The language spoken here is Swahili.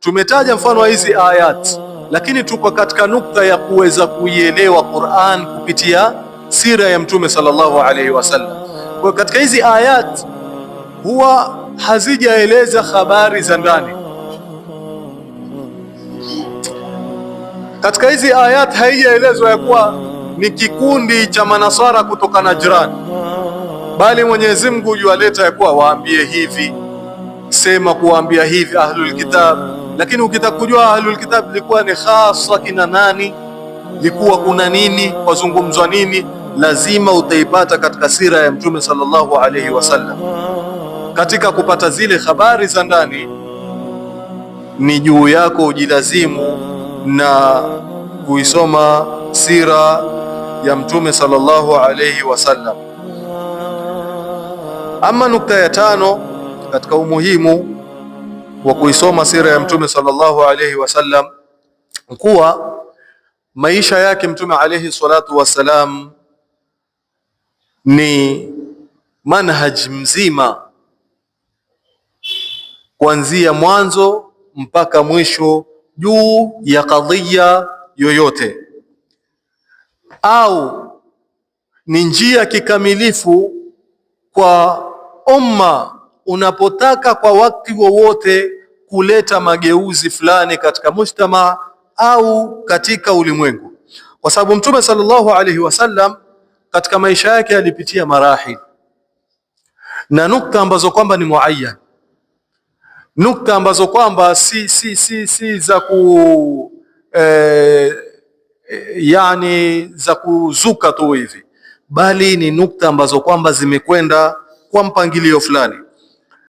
Tumetaja mfano wa hizi ayat, lakini tuko katika nukta ya kuweza kuielewa Qur'an kupitia sira ya Mtume sallallahu alaihi wasallam. Kwa katika hizi ayat huwa hazijaeleza habari za ndani. Katika hizi ayat haijaelezwa ya kuwa ni kikundi cha manasara kutoka Najran, bali Mwenyezi Mungu yualeta ya kuwa waambie hivi, sema kuwaambia hivi ahlul kitab lakini ukitaka kujua ahlul kitab likuwa ni hasa kina nani, likuwa kuna nini, wazungumzwa nini, lazima utaipata katika sira ya Mtume sallallahu alaihi wasallam. Katika kupata zile habari za ndani, ni juu yako ujilazimu na kuisoma sira ya Mtume sallallahu alaihi wasallam. Ama nukta ya tano katika umuhimu wa kuisoma sira ya Mtume sallallahu alayhi wasallam kuwa maisha yake Mtume alayhi salatu wassalam ni manhaj mzima kuanzia mwanzo mpaka mwisho juu ya kadhia yoyote, au ni njia kikamilifu kwa umma unapotaka kwa wakati wowote kuleta mageuzi fulani katika mujtama au katika ulimwengu, kwa sababu Mtume sallallahu alaihi wasallam katika maisha yake alipitia marahil na nukta ambazo kwamba ni muayyan, nukta ambazo kwamba si, si, si, si za ku eh, yani za kuzuka tu hivi, bali ni nukta ambazo kwamba zimekwenda kwa mpangilio fulani.